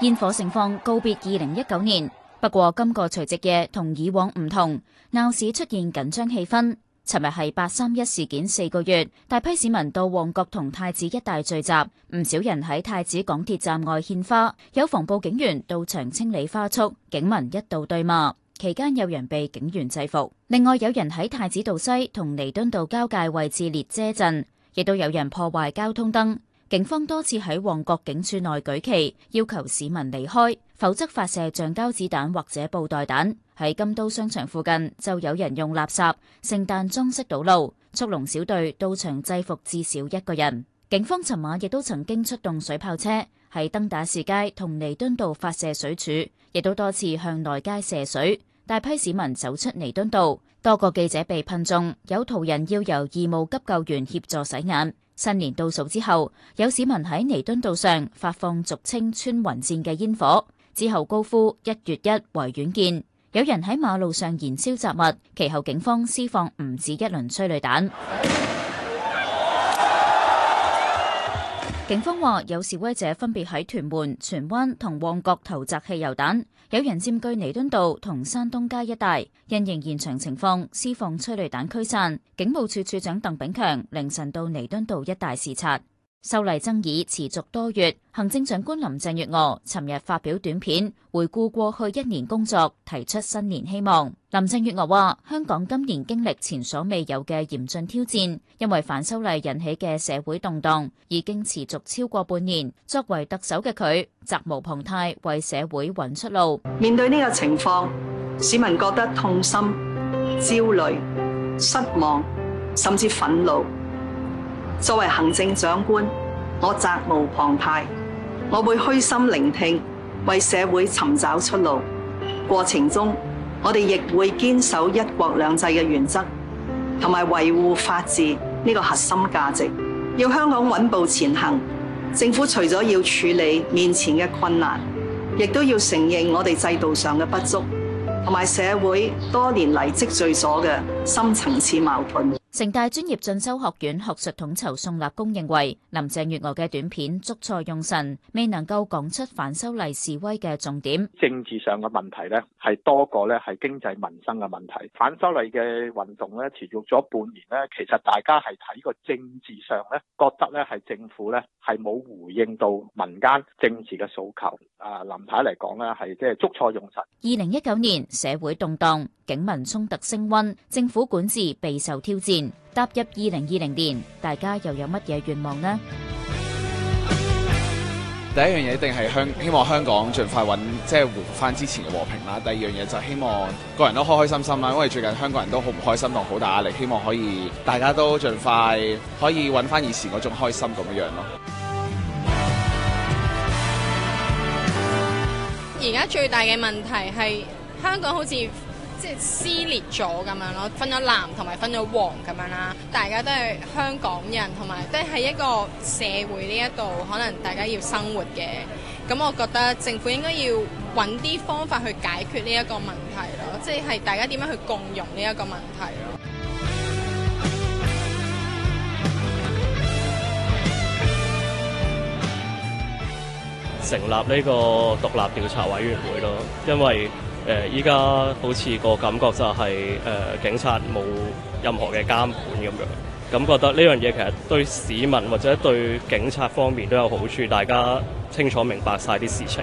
煙火盛放，告別二零一九年。不過今個除夕夜同以往唔同，鬧市出現緊張氣氛。尋日係八三一事件四個月，大批市民到旺角同太子一帶聚集，唔少人喺太子港鐵站外獻花，有防暴警員到場清理花束，警民一度對罵。期間有人被警員制服。另外有人喺太子道西同彌敦道交界位置列車陣，亦都有人破壞交通燈。警方多次喺旺角警署內舉旗，要求市民離開，否則發射橡膠子彈或者布袋彈。喺金都商場附近就有人用垃圾、聖誕裝飾堵路，速龍小隊到場制服至少一個人。警方尋晚亦都曾經出動水炮車，喺登打士街同彌敦道發射水柱，亦都多次向內街射水，大批市民走出彌敦道，多個記者被噴中，有途人要由義務急救員協助洗眼。新年倒數之後，有市民喺彌敦道上發放俗稱穿雲箭嘅煙火，之後高呼一月一維園見。有人喺馬路上燃燒雜物，其後警方施放唔止一輪催淚彈。警方話有示威者分別喺屯門、荃灣同旺角投擲汽油彈，有人佔據彌敦道同山東街一帶，因應現場情況，施放催淚彈驅散。警務處處長鄧炳強凌晨到彌敦道一帶視察。修例爭議持續多月，行政長官林鄭月娥尋日發表短片回顧過去一年工作，提出新年希望。林鄭月娥話，香港今年經歷前所未有嘅嚴峻挑戰，因為反修例引起嘅社會動盪已經持續超過半年。作為特首嘅佢，責無旁貸為社會揾出路。面對呢個情況，市民覺得痛心、焦慮、失望，甚至憤怒。作為行政長官，我責無旁貸，我會虛心聆聽，為社會尋找出路。過程中，我哋亦會堅守一國兩制嘅原則，同埋維護法治呢個核心價值。要香港穩步前行，政府除咗要處理面前嘅困難，亦都要承認我哋制度上嘅不足，同埋社會多年嚟積聚咗嘅深層次矛盾。城大專業進修學院學術統籌宋立功認為，林鄭月娥嘅短片捉錯用神，未能夠講出反修例示威嘅重點。政治上嘅問題呢，係多過呢係經濟民生嘅問題。反修例嘅運動呢，持續咗半年呢，其實大家係睇個政治上呢，覺得呢係政府呢係冇回應到民間政治嘅訴求。啊，林太嚟講呢係即係捉錯用神。二零一九年社會動盪，警民衝突升溫，政府管治備受挑戰。踏入二零二零年，大家又有乜嘢願望呢？第一樣嘢一定係香，希望香港盡快揾，即係回復翻之前嘅和平啦。第二樣嘢就是、希望個人都開開心心啦，因為最近香港人都好唔開心同好大壓力，希望可以大家都盡快可以揾翻以前嗰種開心咁樣樣咯。而家最大嘅問題係香港好似。即係撕裂咗咁樣咯，分咗藍同埋分咗黃咁樣啦。大家都係香港人，同埋都喺一個社會呢一度，可能大家要生活嘅。咁我覺得政府應該要揾啲方法去解決呢一個問題咯，即係大家點樣去共融呢一個問題咯。成立呢個獨立調查委員會咯，因為。誒依家好似個感覺就係、是、誒、呃、警察冇任何嘅監管咁樣，咁覺得呢樣嘢其實對市民或者對警察方面都有好處，大家清楚明白晒啲事情。